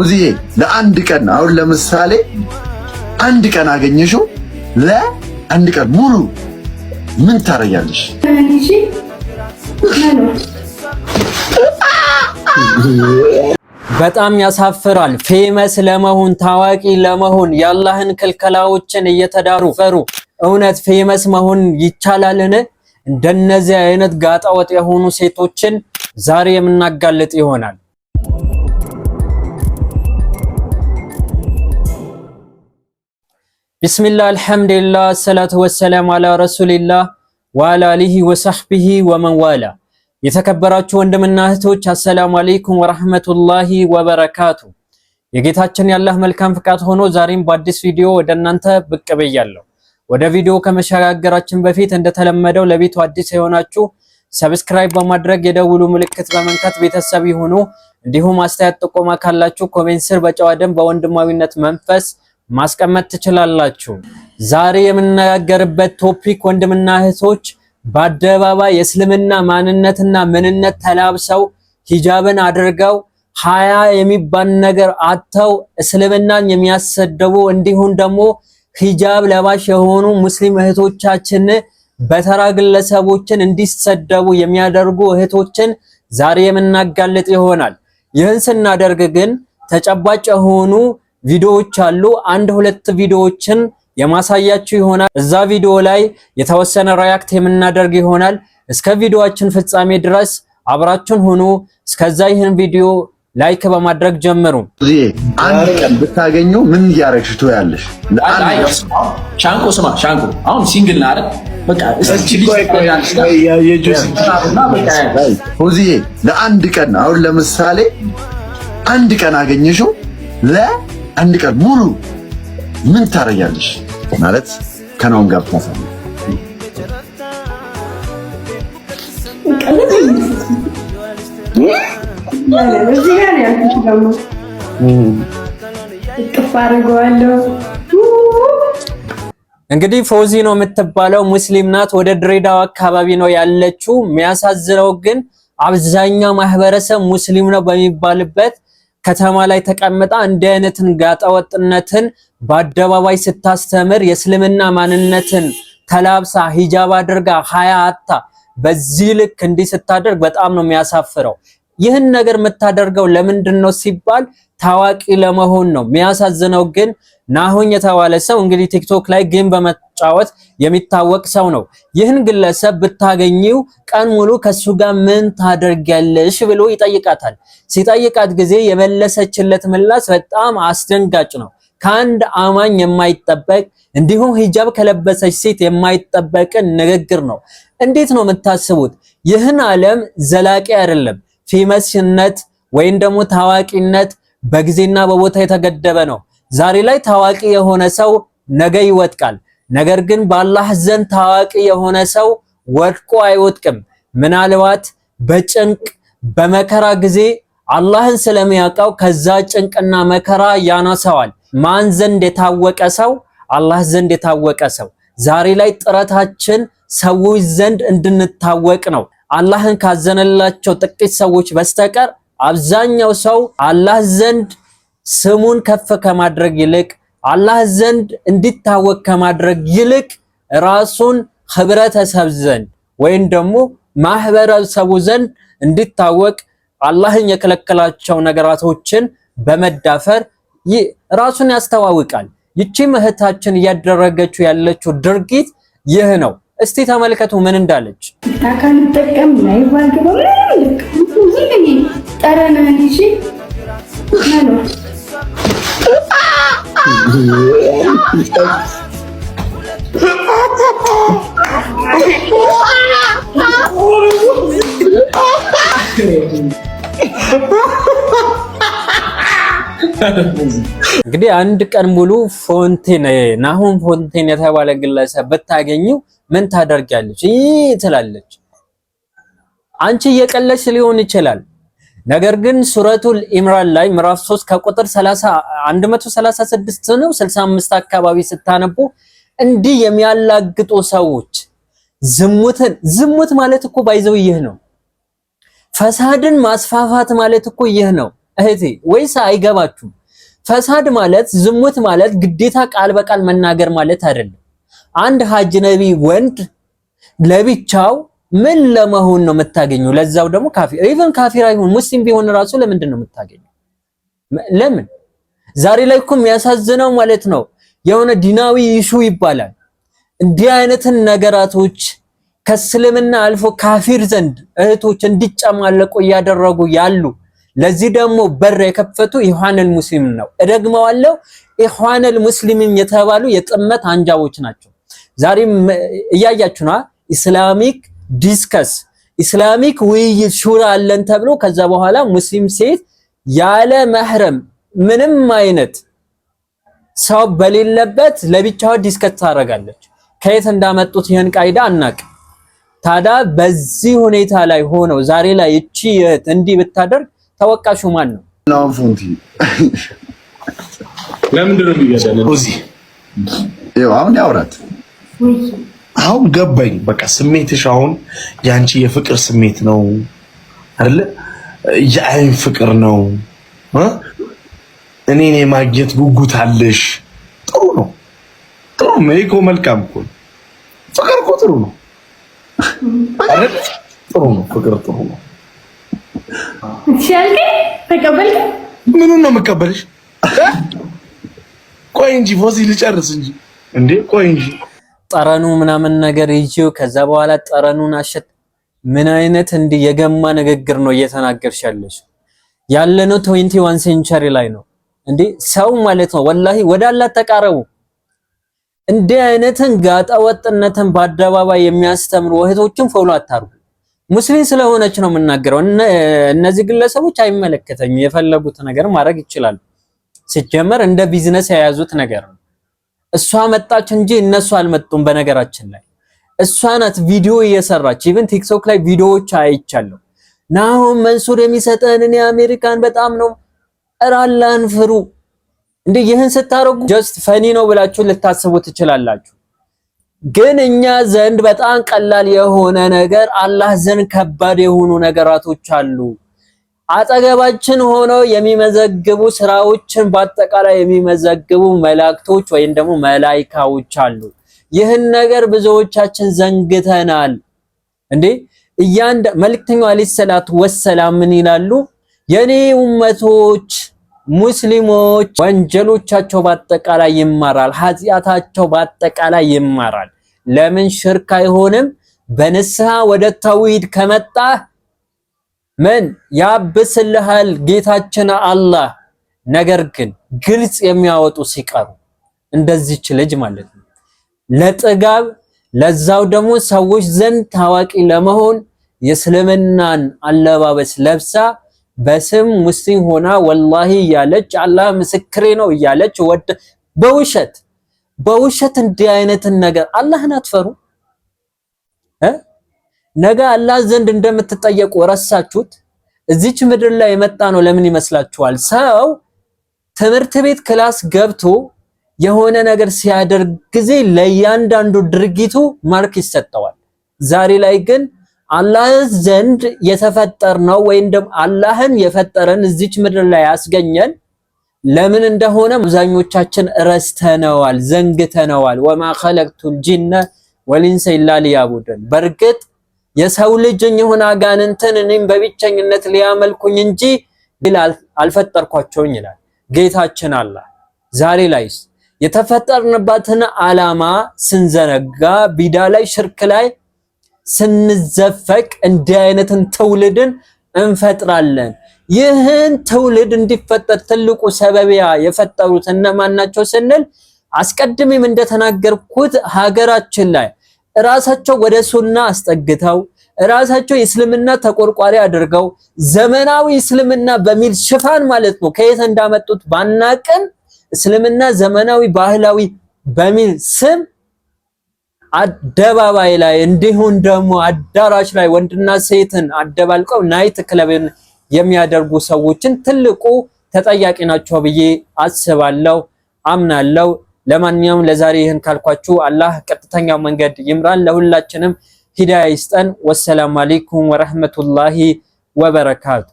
እዚህ ለአንድ ቀን አሁን ለምሳሌ አንድ ቀን አገኘሽው፣ ለአንድ ቀን ሙሉ ምን ታረጊያለሽ? በጣም ያሳፍራል። ፌመስ ለመሆን ታዋቂ ለመሆን የአላህን ክልከላዎችን እየተዳሩ ፈሩ። እውነት ፌመስ መሆን ይቻላልን? እንደነዚህ አይነት ጋጠወጥ የሆኑ ሴቶችን ዛሬ የምናጋልጥ ይሆናል። ቢስሚላህ አልሐምዱሊላህ ሰላቱ ወሰላም አላ ረሱሊላህ ወአላ አሊሂ ወሰህቢሂ ወመንዋላ። የተከበራችሁ ወንድምና እህቶች አሰላሙ አለይኩም ወረህመቱላሂ ወበረካቱ። የጌታችን ያላህ መልካም ፍቃድ ሆኖ ዛሬም በአዲስ ቪዲዮ ወደ እናንተ ብቅ ብያለሁ። ወደ ቪዲዮ ከመሸጋገራችን በፊት እንደተለመደው ለቤቱ አዲስ የሆናችሁ ሰብስክራይብ በማድረግ የደውሉ ምልክት በመንካት ቤተሰብ ይሁኑ። እንዲሁም አስተያየት ጥቆማ ካላችሁ ኮሜንት ስር በጨዋ ደንብ በወንድማዊነት መንፈስ ማስቀመጥ ትችላላችሁ። ዛሬ የምነጋገርበት ቶፒክ ወንድምና እህቶች በአደባባይ የእስልምና ማንነትና ምንነት ተላብሰው ሂጃብን አድርገው ሀያ የሚባል ነገር አጥተው እስልምናን የሚያሰደቡ እንዲሁም ደግሞ ሂጃብ ለባሽ የሆኑ ሙስሊም እህቶቻችን በተራ ግለሰቦችን እንዲሰደቡ የሚያደርጉ እህቶችን ዛሬ የምናጋልጥ ይሆናል። ይህን ስናደርግ ግን ተጨባጭ የሆኑ ቪዲዮዎች አሉ። አንድ ሁለት ቪዲዮዎችን የማሳያችሁ ይሆናል። እዛ ቪዲዮ ላይ የተወሰነ ሪያክት የምናደርግ ይሆናል። እስከ ቪዲዮአችን ፍጻሜ ድረስ አብራችን ሁኑ። እስከዛ ይህን ቪዲዮ ላይክ በማድረግ ጀምሩ። አንድ ቀን ብታገኘው ምን እያደረግሽ ትያለሽ? ሻንቆ ስማ፣ ሻንቆ አሁን ሲንግል ና ለአንድ ቀን አሁን ለምሳሌ አንድ ቀን አገኘሽው ለ አንድ ቀን ሙሉ ምን ታረጊያለሽ ማለት ከናሆም ጋር ብታሳልፍ እንግዲህ ፎዚ ነው የምትባለው፣ ሙስሊም ናት። ወደ ድሬዳዋ አካባቢ ነው ያለችው። የሚያሳዝነው ግን አብዛኛው ማህበረሰብ ሙስሊም ነው በሚባልበት ከተማ ላይ ተቀምጣ እንዲህ አይነትን ጋጠወጥነትን በአደባባይ ስታስተምር የእስልምና ማንነትን ተላብሳ ሂጃብ አድርጋ ሀያ አታ በዚህ ልክ እንዲህ ስታደርግ በጣም ነው የሚያሳፍረው። ይህን ነገር የምታደርገው ለምንድን ነው ሲባል ታዋቂ ለመሆን ነው። የሚያሳዝነው ግን ናሆኝ የተባለ ሰው እንግዲህ ቲክቶክ ላይ ግን በመጫወት የሚታወቅ ሰው ነው። ይህን ግለሰብ ብታገኘው ቀን ሙሉ ከሱ ጋር ምን ታደርጊያለሽ ብሎ ይጠይቃታል። ሲጠይቃት ጊዜ የመለሰችለት ምላስ በጣም አስደንጋጭ ነው። ከአንድ አማኝ የማይጠበቅ እንዲሁም ሂጃብ ከለበሰች ሴት የማይጠበቅን ንግግር ነው። እንዴት ነው የምታስቡት? ይህን ዓለም ዘላቂ አይደለም። ፌመስነት ወይም ደግሞ ታዋቂነት በጊዜና በቦታ የተገደበ ነው። ዛሬ ላይ ታዋቂ የሆነ ሰው ነገ ይወጥቃል። ነገር ግን በአላህ ዘንድ ታዋቂ የሆነ ሰው ወድቆ አይወጥቅም ምናልባት በጭንቅ በመከራ ጊዜ አላህን ስለሚያውቀው ከዛ ጭንቅና መከራ ያነሳዋል። ማን ዘንድ የታወቀ ሰው? አላህ ዘንድ የታወቀ ሰው። ዛሬ ላይ ጥረታችን ሰዎች ዘንድ እንድንታወቅ ነው። አላህን ካዘነላቸው ጥቂት ሰዎች በስተቀር አብዛኛው ሰው አላህ ዘንድ ስሙን ከፍ ከማድረግ ይልቅ አላህ ዘንድ እንዲታወቅ ከማድረግ ይልቅ ራሱን ህብረተሰብ ዘንድ ወይም ደግሞ ማህበረሰቡ ዘንድ እንዲታወቅ አላህን የከለከላቸው ነገራቶችን በመዳፈር ራሱን ያስተዋውቃል። ይቺም እህታችን እያደረገችው ያለችው ድርጊት ይህ ነው። እስቲ ተመልከቱ ምን እንዳለች። ጠረንህን እንግዲህ አንድ ቀን ሙሉ ፎንቴን ናሁን ፎንቴን የተባለ ግለሰብ ብታገኘው ምን ታደርጋለች ትላለች? አንቺ እየቀለች ሊሆን ይችላል ነገር ግን ሱረቱል ኢምራን ላይ ምዕራፍ 3 ከቁጥር 30 136 ነው 65 አካባቢ ስታነቡ እንዲህ የሚያላግጡ ሰዎች ዝሙትን ዝሙት ማለት እኮ ባይዘው ይህ ነው። ፈሳድን ማስፋፋት ማለት እኮ ይህ ነው እህቴ፣ ወይስ አይገባችሁም? ፈሳድ ማለት ዝሙት ማለት ግዴታ ቃል በቃል መናገር ማለት አይደለም። አንድ ሀጅ ነቢ ወንድ ለብቻው ምን ለመሆን ነው የምታገኘው? ለዛው ደግሞ ካፊር ኢቭን ካፊር አይሆን ሙስሊም ቢሆን ራሱ ለምንድን ነው የምታገኘው? ለምን ዛሬ ላይ እኮ የሚያሳዝነው ማለት ነው የሆነ ዲናዊ ኢሹ ይባላል። እንዲህ አይነትን ነገራቶች ከእስልምና አልፎ ካፊር ዘንድ እህቶች እንዲጨማለቁ እያደረጉ ያሉ ለዚህ ደግሞ በር የከፈቱ ኢኽዋነል ሙስሊም ነው። እደግመዋለሁ፣ ኢኽዋነል ሙስሊሚን የተባሉ የጥመት አንጃዎች ናቸው። ዛሬም እያያችሁ ነዋ ኢስላሚክ ዲስከስ ኢስላሚክ ውይይት ሹራ አለን ተብሎ ከዛ በኋላ ሙስሊም ሴት ያለ መህረም ምንም አይነት ሰው በሌለበት ለብቻው ዲስከስ ታደርጋለች። ከየት እንዳመጡት ይህን ቃይዳ አናቅ። ታዲያ በዚህ ሁኔታ ላይ ሆነው ዛሬ ላይ እቺ እህት እንዲህ ብታደርግ ተወቃሹ ማን ነው? ለምንድን ነው አሁን ያውራት አሁን ገባኝ። በቃ ስሜትሽ አሁን የአንቺ የፍቅር ስሜት ነው አይደለ? የአይን ፍቅር ነው። እኔን የማግኘት ጉጉት አለሽ። ጥሩ ነው፣ ጥሩ ነው። እኮ መልካም እኮ ፍቅር እኮ ጥሩ ነው። ጥሩ ነው፣ ፍቅር ጥሩ ነው። ምኑን ነው የምቀበልሽ? ቆይ እንጂ ፎሲ ልጨርስ እንጂ እንዴ፣ ቆይ እንጂ ጠረኑ ምናምን ነገር ይዤው ከዛ በኋላ ጠረኑን አሸት ምን አይነት እንዲህ የገማ ንግግር ነው እየተናገርሽ ያለሽ? ያለነው ትዌንቲ ዋን ሴንቸሪ ላይ ነው እንዴ ሰው ማለት ነው። ወላሂ ወደ አላህ ተቃረቡ። እንዲህ አይነትን ጋጣ ወጥነትን በአደባባይ የሚያስተምሩ እህቶችን ፎሎ አታርጉ። ሙስሊም ስለሆነች ነው የምናገረው። እነዚህ ግለሰቦች አይመለከተኝም፣ የፈለጉት ነገር ማድረግ ይችላሉ። ሲጀመር እንደ ቢዝነስ የያዙት ነገር ነው። እሷ መጣች እንጂ እነሱ አልመጡም። በነገራችን ላይ እሷ ናት ቪዲዮ እየሰራች ኢቭን ቲክቶክ ላይ ቪዲዮዎች አይቻለሁ። ናሁን መንሱር የሚሰጠን እኔ አሜሪካን በጣም ነው እራላን ፍሩ እንዴ! ይህን ስታረጉ ጀስት ፈኒ ነው ብላችሁ ልታስቡ ትችላላችሁ። ግን እኛ ዘንድ በጣም ቀላል የሆነ ነገር አላህ ዘንድ ከባድ የሆኑ ነገራቶች አሉ። አጠገባችን ሆነው የሚመዘግቡ ስራዎችን በአጠቃላይ የሚመዘግቡ መላእክቶች ወይም ደግሞ መላይካዎች አሉ። ይህን ነገር ብዙዎቻችን ዘንግተናል። እንዴ እያንዳ መልእክተኛው አለይሂ ሰላቱ ወሰላም ምን ይላሉ? የኔ ኡመቶች ሙስሊሞች ወንጀሎቻቸው በአጠቃላይ ይማራል፣ ኃጢአታቸው በአጠቃላይ ይማራል። ለምን ሽርክ አይሆንም? በንስሐ ወደ ተውሂድ ከመጣ ምን ያብስልሃል ጌታችን አላህ። ነገር ግን ግልጽ የሚያወጡ ሲቀሩ እንደዚች ልጅ ማለት ነው። ለጥጋብ ለዛው ደግሞ ሰዎች ዘንድ ታዋቂ ለመሆን የእስልምናን አለባበስ ለብሳ በስም ሙስሊም ሆና ወላሂ እያለች አላህ ምስክሬ ነው እያለች ወደ በውሸት በውሸት እንዲህ አይነትን ነገር አላህን አትፈሩ እ ነገ አላህ ዘንድ እንደምትጠየቁ ረሳችሁት? እዚች ምድር ላይ የመጣ ነው ለምን ይመስላችኋል? ሰው ትምህርት ቤት ክላስ ገብቶ የሆነ ነገር ሲያደርግ ጊዜ ለእያንዳንዱ ድርጊቱ ማርክ ይሰጠዋል። ዛሬ ላይ ግን አላህ ዘንድ የተፈጠርነው ወይም ደግሞ አላህን የፈጠረን እዚች ምድር ላይ ያስገኘን ለምን እንደሆነ አብዛኞቻችን ረስተነዋል፣ ዘንግተነዋል። ወማ ኸለቅቱል ጂነ ወሊንሰ ኢላ ሊያቡዱን በእርግጥ የሰው ልጅ የሆነ አጋንንትን እኔም በብቸኝነት ሊያመልኩኝ እንጂ ብል አልፈጠርኳቸውኝ ይላል ጌታችን አላ ዛሬ ላይስ የተፈጠርንባትን ዓላማ ስንዘነጋ ቢዳ ላይ ሽርክ ላይ ስንዘፈቅ እንዲህ አይነትን ትውልድን እንፈጥራለን። ይህን ትውልድ እንዲፈጠር ትልቁ ሰበቢያ የፈጠሩት እነማን ናቸው ስንል አስቀድሜም እንደተናገርኩት ሀገራችን ላይ ራሳቸው ወደ ሱና አስጠግተው ራሳቸው የእስልምና ተቆርቋሪ አድርገው ዘመናዊ እስልምና በሚል ሽፋን ማለት ነው ከየት እንዳመጡት ባናቅም እስልምና ዘመናዊ ባህላዊ በሚል ስም አደባባይ ላይ እንዲሁም ደግሞ አዳራሽ ላይ ወንድና ሴትን አደባልቀው ናይት ክለብን የሚያደርጉ ሰዎችን ትልቁ ተጠያቂ ናቸው ብዬ አስባለሁ፣ አምናለሁ። ለማንኛውም ለዛሬ ይህን ካልኳችሁ አላህ ቀጥተኛው መንገድ ይምራን፣ ለሁላችንም ሂዳያ ይስጠን። ወሰላሙ አለይኩም ወረህመቱላሂ ወበረካቱ።